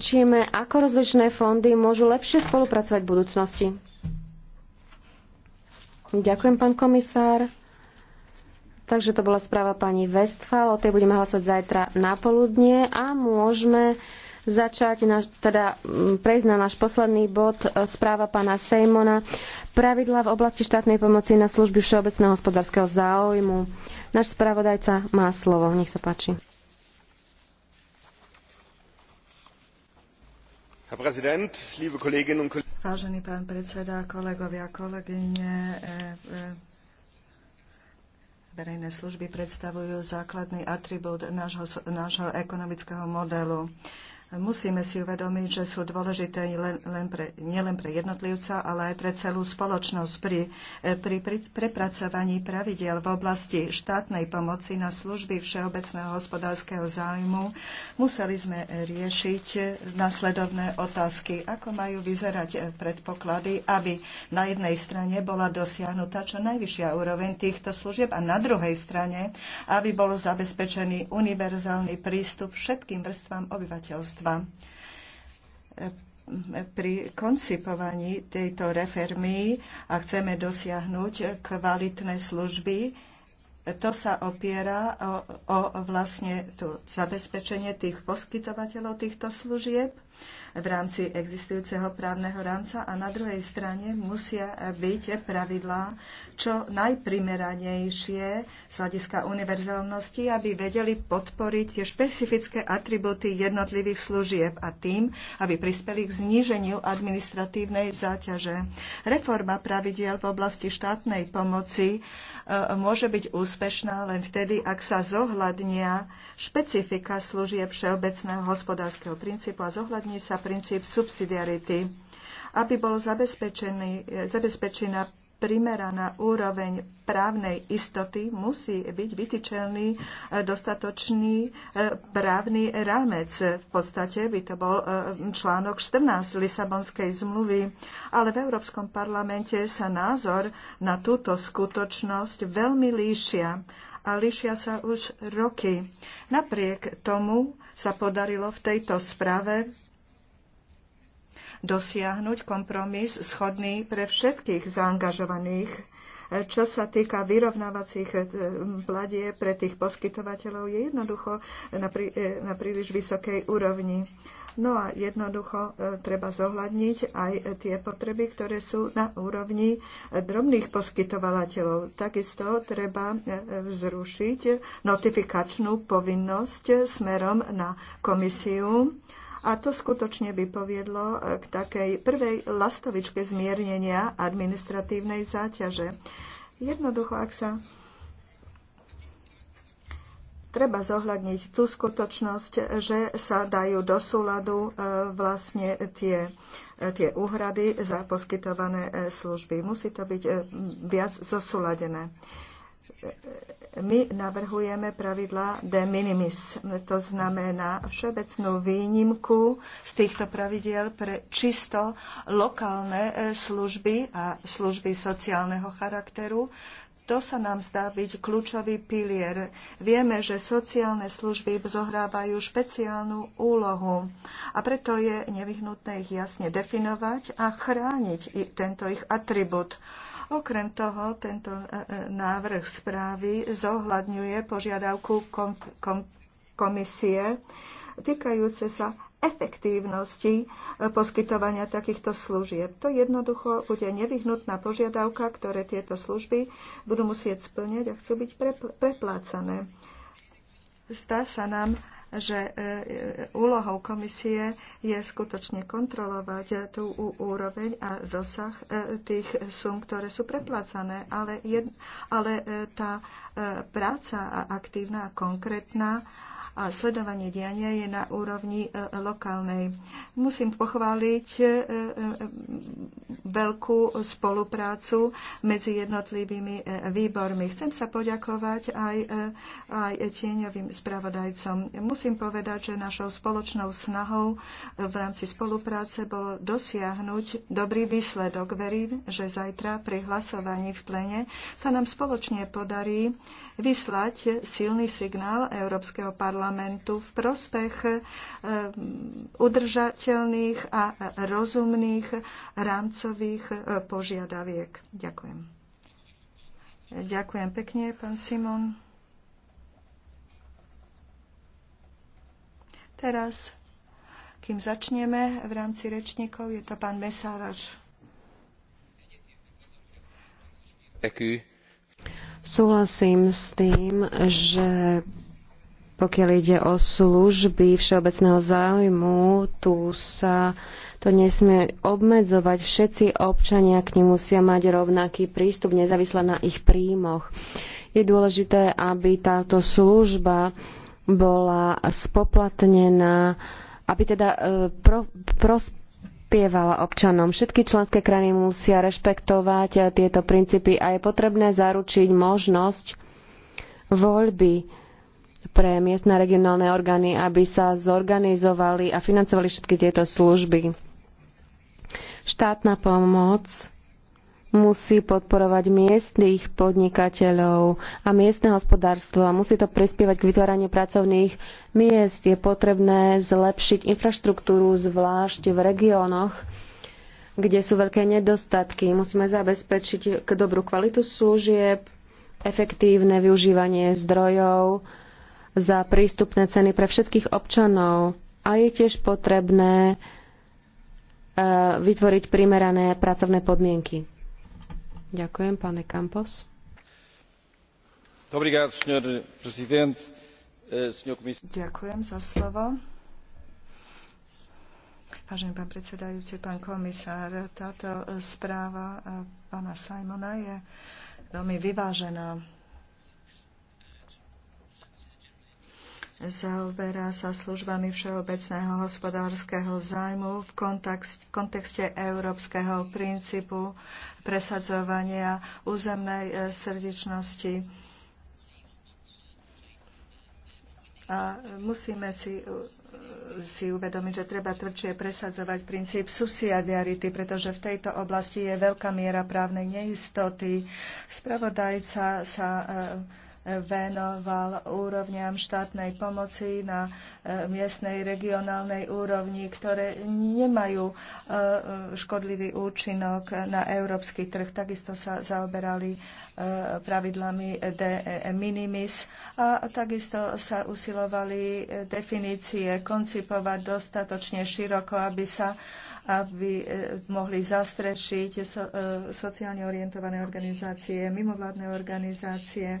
Učíme, ako rozličné fondy môžu lepšie spolupracovať v budúcnosti. Ďakujem, pán komisár. Takže to bola správa pani Westfal, o tej budeme hlasovať zajtra na poludnie a môžeme začať, naš, teda prejsť na náš posledný bod, e, správa pána Sejmona, pravidla v oblasti štátnej pomoci na služby všeobecného hospodárskeho záujmu. Náš spravodajca má slovo, nech sa páči. Vážený pán predseda, kolegovia, kolegyne, eh, eh, verejné služby predstavujú základný atribút nášho, ekonomického modelu. Musíme si uvedomiť, že sú dôležité len, len pre, nielen pre jednotlivca, ale aj pre celú spoločnosť pri, eh, pri, pri prepracovaní pravidiel v oblasti štátnej pomoci na služby všeobecného hospodárskeho záujmu. Museli sme riešiť nasledovné otázky, ako majú vyzerať eh, predpoklady, aby na jednej strane bola dosiahnutá čo najvyššia úroveň týchto služieb a na druhej strane, aby bol zabezpečený univerzálny prístup všetkým vrstvám obyvateľstva školstva. Pri koncipovaní tejto reformy a chceme dosiahnuť kvalitné služby, to sa opiera o, o vlastne to zabezpečenie tých poskytovateľov týchto služieb v rámci existujúceho právneho rámca a na druhej strane musia byť pravidlá čo najprimeranejšie z hľadiska univerzálnosti, aby vedeli podporiť tie špecifické atributy jednotlivých služieb a tým, aby prispeli k zníženiu administratívnej záťaže. Reforma pravidiel v oblasti štátnej pomoci e, môže byť úspešná len vtedy, ak sa zohľadnia špecifika služieb všeobecného hospodárskeho princípu a zohľadní sa princíp subsidiarity. Aby bol e, zabezpečená primeraná úroveň právnej istoty, musí byť vytýčený e, dostatočný e, právny rámec. V podstate by to bol článok 14 Lisabonskej zmluvy, ale v Európskom parlamente sa názor na túto skutočnosť veľmi líšia a líšia sa už roky. Napriek tomu sa podarilo v tejto sprave dosiahnuť kompromis schodný pre všetkých zaangažovaných čo sa týka vyrovnávacích eh, pladie pre tých poskytovateľov, je jednoducho na, prí, eh, na príliš vysokej úrovni. No a jednoducho eh, treba zohľadniť aj tie potreby, ktoré sú na úrovni drobných poskytovateľov. Takisto treba zrušiť notifikačnú povinnosť smerom na komisiu a to skutočne by poviedlo e, k takej prvej lastovičke zmiernenia administratívnej záťaže. Jednoducho, ak sa treba zohľadniť tú skutočnosť, že sa dajú do súladu e, vlastne tie, e, tie úhrady za poskytované služby. Musí to byť viac zosúladené. My navrhujeme pravidla de minimis, to znamená všeobecnú výnimku z týchto pravidiel pre čisto lokálne e, služby a služby sociálneho charakteru, to sa nám zdá byť kľúčový pilier. Vieme, že sociálne služby zohrávajú špeciálnu úlohu a preto je nevyhnutné ich jasne definovať a chrániť tento ich atribút. Okrem toho, tento e, e, návrh správy zohľadňuje požiadavku kom, kom, komisie týkajúce sa efektívnosti e, poskytovania takýchto služieb. To jednoducho bude nevyhnutná požiadavka, ktoré tieto služby budú musieť splňať a chcú byť preplácané. Zdá sa nám že e, e, úlohou komisie je skutočne kontrolovať tú úroveň a rozsah e, tých sum, ktoré sú preplácané, ale, jed, ale tá práca aktívna a konkrétna a sledovanie diania je na úrovni e, lokálnej. Musím pochváliť e, e, veľkú spoluprácu medzi jednotlivými výbormi. Chcem sa poďakovať aj, aj tieňovým spravodajcom. Musím povedať, že našou spoločnou snahou v rámci spolupráce bolo dosiahnuť dobrý výsledok. Verím, že zajtra pri hlasovaní v plene sa nám spoločne podarí vyslať silný signál Európskeho parlamentu v prospech eh, udržateľných a rozumných rámcových eh, požiadaviek. Ďakujem. Ďakujem pekne, pán Simon. Teraz, kým začneme v rámci rečníkov, je to pán Mesáraž. Ďakujem Súhlasím s tým, že pokiaľ ide o služby všeobecného záujmu, tu sa to nesmie obmedzovať. Všetci občania k nim musia mať rovnaký prístup, nezávisle na ich príjmoch. Je dôležité, aby táto služba bola spoplatnená, aby teda e, pro, pros, prispievala občanom. Všetky členské krajiny musia rešpektovať eh, tieto princípy a je potrebné zaručiť možnosť voľby pre miestne regionálne orgány, aby sa zorganizovali a financovali všetky tieto služby. Štátna pomoc musí podporovať miestnych podnikateľov a miestne hospodárstvo. Musí to prispievať k vytváraniu pracovných miest. Je potrebné zlepšiť infraštruktúru, zvlášť v regiónoch, kde sú veľké nedostatky. Musíme zabezpečiť k dobrú kvalitu služieb, efektívne využívanie zdrojov za prístupné ceny pre všetkých občanov a je tiež potrebné e, vytvoriť primerané pracovné podmienky. Ďakujem, pane Campos. Eh, Ďakujem za slovo. Vážený pán predsedajúci, pán komisár, táto správa eh, pána Simona je veľmi vyvážená zaoberá sa službami všeobecného hospodárskeho zájmu v kontexte európskeho princípu presadzovania územnej e, srdečnosti. A musíme si, e, si uvedomiť, že treba tvrdšie presadzovať princíp subsidiarity, pretože v tejto oblasti je veľká miera právnej neistoty. Spravodajca sa e, venoval úrovňam štátnej pomoci na e, miestnej, regionálnej úrovni, ktoré nemajú e, e, škodlivý účinok na európsky trh. Takisto sa zaoberali pravidlami de minimis a takisto sa usilovali definície koncipovať dostatočne široko, aby sa aby mohli zastrešiť sociálne orientované organizácie, mimovládne organizácie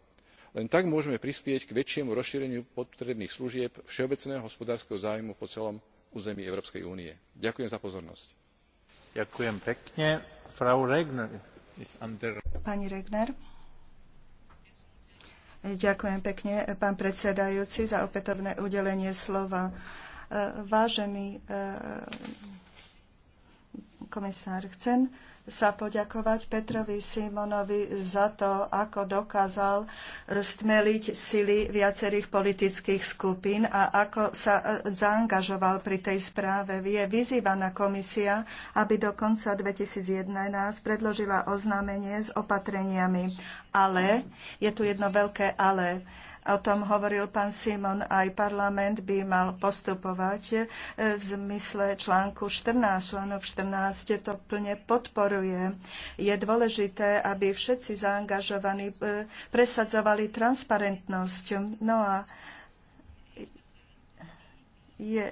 len tak môžeme prispieť k väčšiemu rozšíreniu potrebných služieb všeobecného hospodárskeho záujmu po celom území európskej únie. ďakujem za pozornosť. Ďakujem pekne, pán predsedajúci, za opätovné udelenie slova. E, vážený e, komisár, chcem sa poďakovať Petrovi Simonovi za to, ako dokázal stmeliť sily viacerých politických skupín a ako sa e, zaangažoval pri tej správe. Je vyzývaná komisia, aby do konca 2011 predložila oznámenie s opatreniami. Ale, je tu jedno veľké ale, O tom hovoril pán Simon. Aj parlament by mal postupovať e, v zmysle článku 14. Článok 14 to plne podporuje. Je dôležité, aby všetci zaangažovaní e, presadzovali transparentnosť. No a je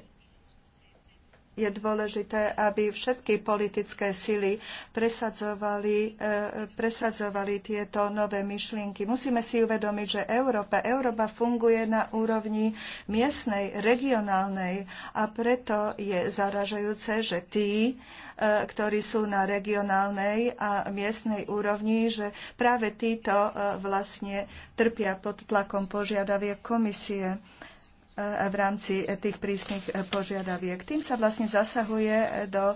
je dôležité, aby všetky politické sily presadzovali, eh, presadzovali tieto nové myšlienky. Musíme si uvedomiť, že Európa, Európa funguje na úrovni miestnej, regionálnej a preto je zaražajúce, že tí, eh, ktorí sú na regionálnej a miestnej úrovni, že práve títo eh, vlastne trpia pod tlakom požiadaviek komisie v rámci tých prísnych požiadaviek. Tým sa vlastne zasahuje do e,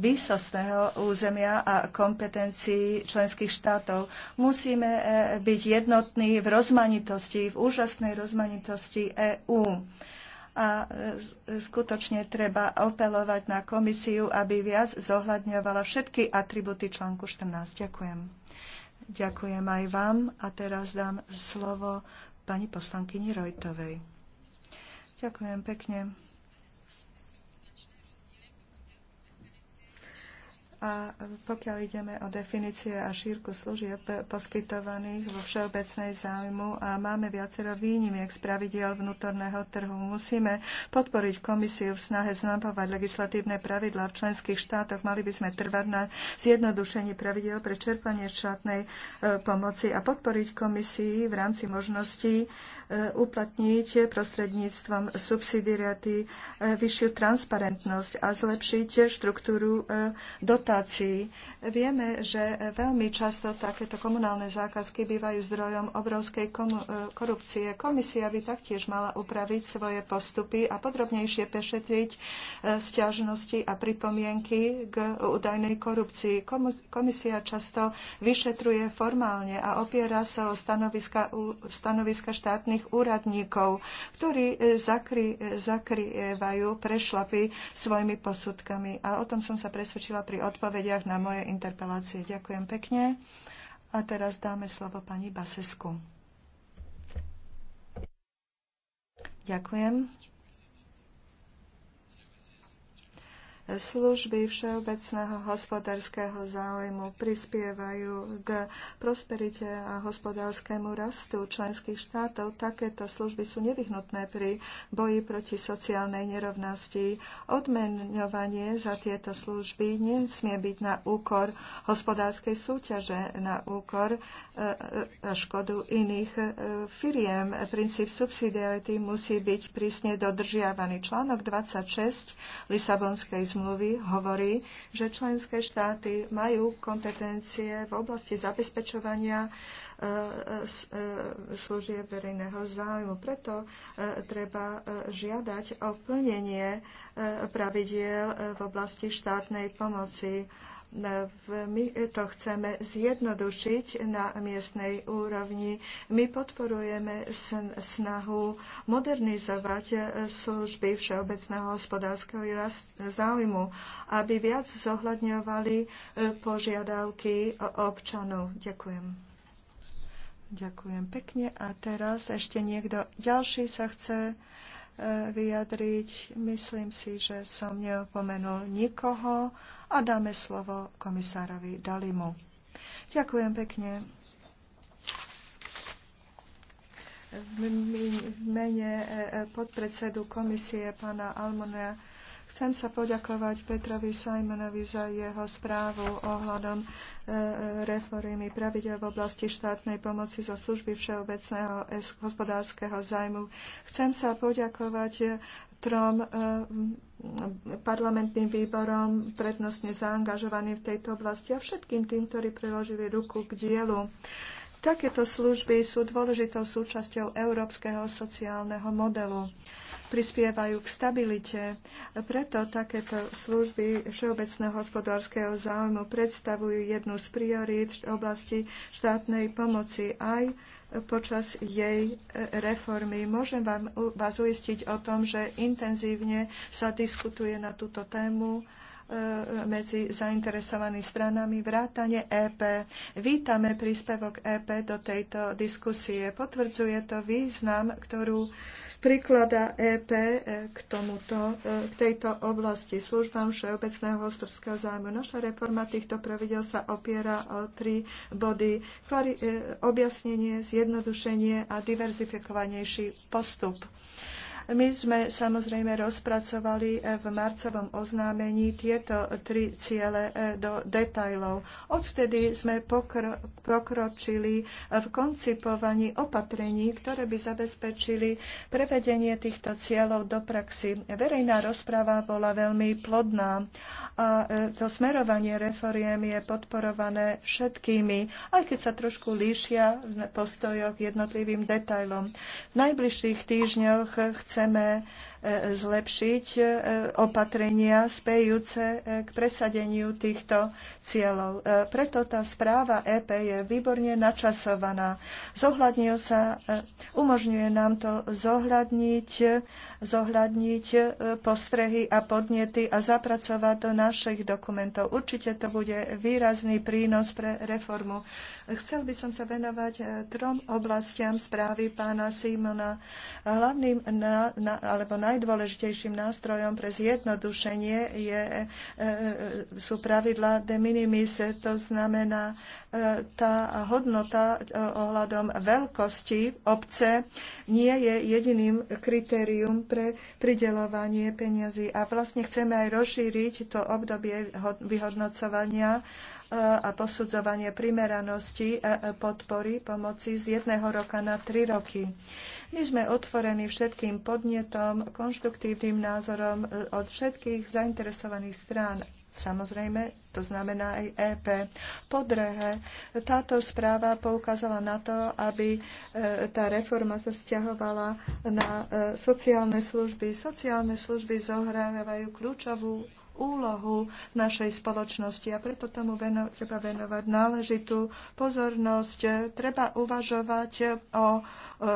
výsostného územia a kompetencií členských štátov. Musíme e, byť jednotní v rozmanitosti, v úžasnej rozmanitosti EÚ a e, skutočne treba opelovať na komisiu, aby viac zohľadňovala všetky atributy článku 14. Ďakujem. Ďakujem aj vám a teraz dám slovo pani poslankyni Rojtovej. Ďakujem pekne. A pokiaľ ideme o definície a šírku služieb poskytovaných vo všeobecnej záujmu a máme viacero výnimiek z pravidiel vnútorného trhu, musíme podporiť komisiu v snahe znamovať legislatívne pravidlá v členských štátoch. Mali by sme trvať na zjednodušení pravidiel pre čerpanie štátnej e, pomoci a podporiť komisii v rámci možností uplatniť prostredníctvom subsidiarity e, vyššiu transparentnosť a zlepšiť štruktúru e, dotácií. Vieme, že veľmi často takéto komunálne zákazky bývajú zdrojom obrovskej e, korupcie. Komisia by taktiež mala upraviť svoje postupy a podrobnejšie pešetriť sťažnosti a pripomienky k údajnej korupcii. Komisia často vyšetruje formálne a opiera sa o stanoviska, stanoviska štátnych štátnych úradníkov, ktorí e, zakry, e, zakrývajú prešlapy svojimi posudkami. A o tom som sa presvedčila pri odpovediach na moje interpelácie. Ďakujem pekne. A teraz dáme slovo pani Basesku. Ďakujem. služby všeobecného hospodárskeho záujmu prispievajú k prosperite a hospodárskému rastu členských štátov. Takéto služby sú nevyhnutné pri boji proti sociálnej nerovnosti. Odmenovanie za tieto služby nesmie byť na úkor hospodárskej súťaže, na úkor e, e, a škodu iných e, firiem. Princíp subsidiarity musí byť prísne dodržiavaný. Článok 26 Lisabonskej zmluvy zmluvy hovorí, že členské štáty majú kompetencie v oblasti zabezpečovania e, e, e, služieb verejného záujmu. Preto treba žiadať o plnenie pravidiel v oblasti štátnej pomoci my to chceme zjednodušiť na miestnej úrovni. My podporujeme snahu modernizovať e, služby všeobecného hospodárskeho záujmu, aby viac zohľadňovali e, požiadavky občanov. Ďakujem. Ďakujem pekne. A teraz ešte niekto ďalší sa chce vyjadriť. Myslím si, že som neopomenul nikoho a dáme slovo komisárovi Dalimu. Ďakujem pekne. V mene e, podpredsedu komisie pána Almonea Chcem sa poďakovať Petrovi Simonovi za jeho správu ohľadom reformy pravidel v oblasti štátnej pomoci za služby všeobecného hospodárskeho zájmu. Chcem sa poďakovať eh, trom eh, parlamentným výborom prednostne zaangažovaným v tejto oblasti a všetkým tým, ktorí priložili ruku k dielu. Takéto služby sú dôležitou súčasťou európskeho sociálneho modelu. Prispievajú k stabilite, preto takéto služby všeobecného hospodárskeho záujmu predstavujú jednu z priorít v oblasti štátnej pomoci aj počas jej reformy. Môžem vám, vás uistiť o tom, že intenzívne sa diskutuje na túto tému E, medzi zainteresovanými stranami vrátane EP. Vítame príspevok EP do tejto diskusie. Potvrdzuje to význam, ktorú prikladá EP e, k, tomuto, e, k tejto oblasti službám všeobecného hostovského zájmu. Naša reforma týchto pravidel sa opiera o tri body. Klari- objasnenie, zjednodušenie a diverzifikovanejší postup. My sme samozrejme rozpracovali eh, v marcovom oznámení tieto tri ciele eh, do detajlov. Odvtedy sme pokr- pokročili v koncipovaní opatrení, ktoré by zabezpečili prevedenie týchto cieľov do praxi. Verejná rozprava bola veľmi plodná a e, to smerovanie reforiem je podporované všetkými, aj keď sa trošku líšia v postojoch jednotlivým detailom. V najbližších týždňoch chceme zlepšiť e, opatrenia spejúce e, k presadeniu týchto cieľov. E, preto tá správa EP je výborne načasovaná. Zohľadnil sa, umožňuje nám to zohľadniť, zohľadniť postrehy a podnety a zapracovať do našich dokumentov. Určite to bude výrazný prínos pre reformu Chcel by som sa venovať e, trom oblastiam správy pána Simona. Hlavným na, na, alebo najdôležitejším nástrojom pre zjednodušenie je, e, e, sú pravidla de minimis, to znamená tá hodnota ohľadom veľkosti obce nie je jediným kritérium pre pridelovanie peňazí. A vlastne chceme aj rozšíriť to obdobie vyhodnocovania a posudzovanie primeranosti podpory pomoci z jedného roka na tri roky. My sme otvorení všetkým podnetom, konštruktívnym názorom od všetkých zainteresovaných strán Samozrejme, to znamená aj EP. Po druhé, táto správa poukázala na to, aby e, tá reforma sa vzťahovala na e, sociálne služby. Sociálne služby zohrávajú kľúčovú úlohu v našej spoločnosti a preto tomu veno, treba venovať náležitú pozornosť. Treba uvažovať o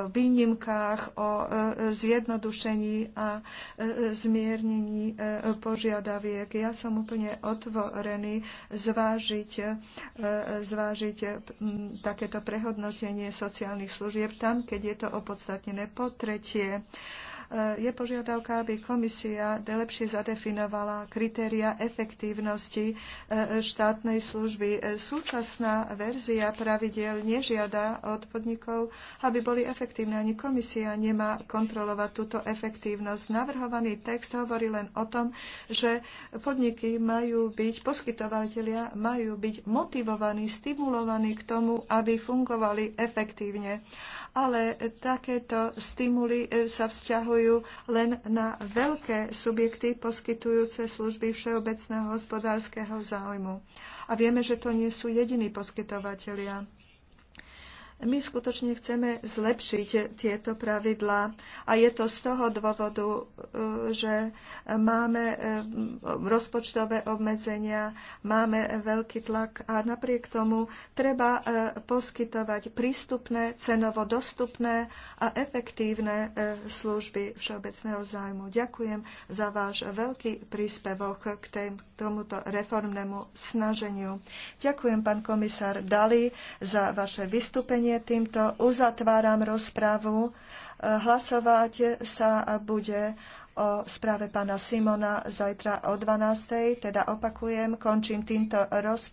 výnimkách, o e, zjednodušení a e, zmiernení e, požiadaviek. Ja som úplne otvorený zvážiť, zvážiť takéto prehodnotenie sociálnych služieb tam, keď je to opodstatnené. Po tretie, je požiadavka, aby komisia lepšie zadefinovala kritéria efektívnosti e, štátnej služby. E, súčasná verzia pravidel nežiada od podnikov, aby boli efektívne. Ani komisia nemá kontrolovať túto efektívnosť. Navrhovaný text hovorí len o tom, že podniky majú byť, poskytovateľia majú byť motivovaní, stimulovaní k tomu, aby fungovali efektívne. Ale takéto stimuly e, sa vzťahujú vzťahujú len na veľké subjekty poskytujúce služby všeobecného hospodárskeho záujmu. A vieme, že to nie sú jediní poskytovateľia. My skutočne chceme zlepšiť tieto pravidlá a je to z toho dôvodu, e, že máme e, rozpočtové obmedzenia, máme veľký tlak a napriek tomu treba e, poskytovať prístupné, cenovo dostupné a efektívne služby všeobecného zájmu. Ďakujem za váš veľký príspevok k tomuto reformnému snaženiu. Ďakujem, pán komisár Dali, za vaše vystúpenie pekne, týmto uzatváram rozpravu. E, hlasovať sa bude o správe pána Simona zajtra o 12.00, teda opakujem, končím týmto rozpravu.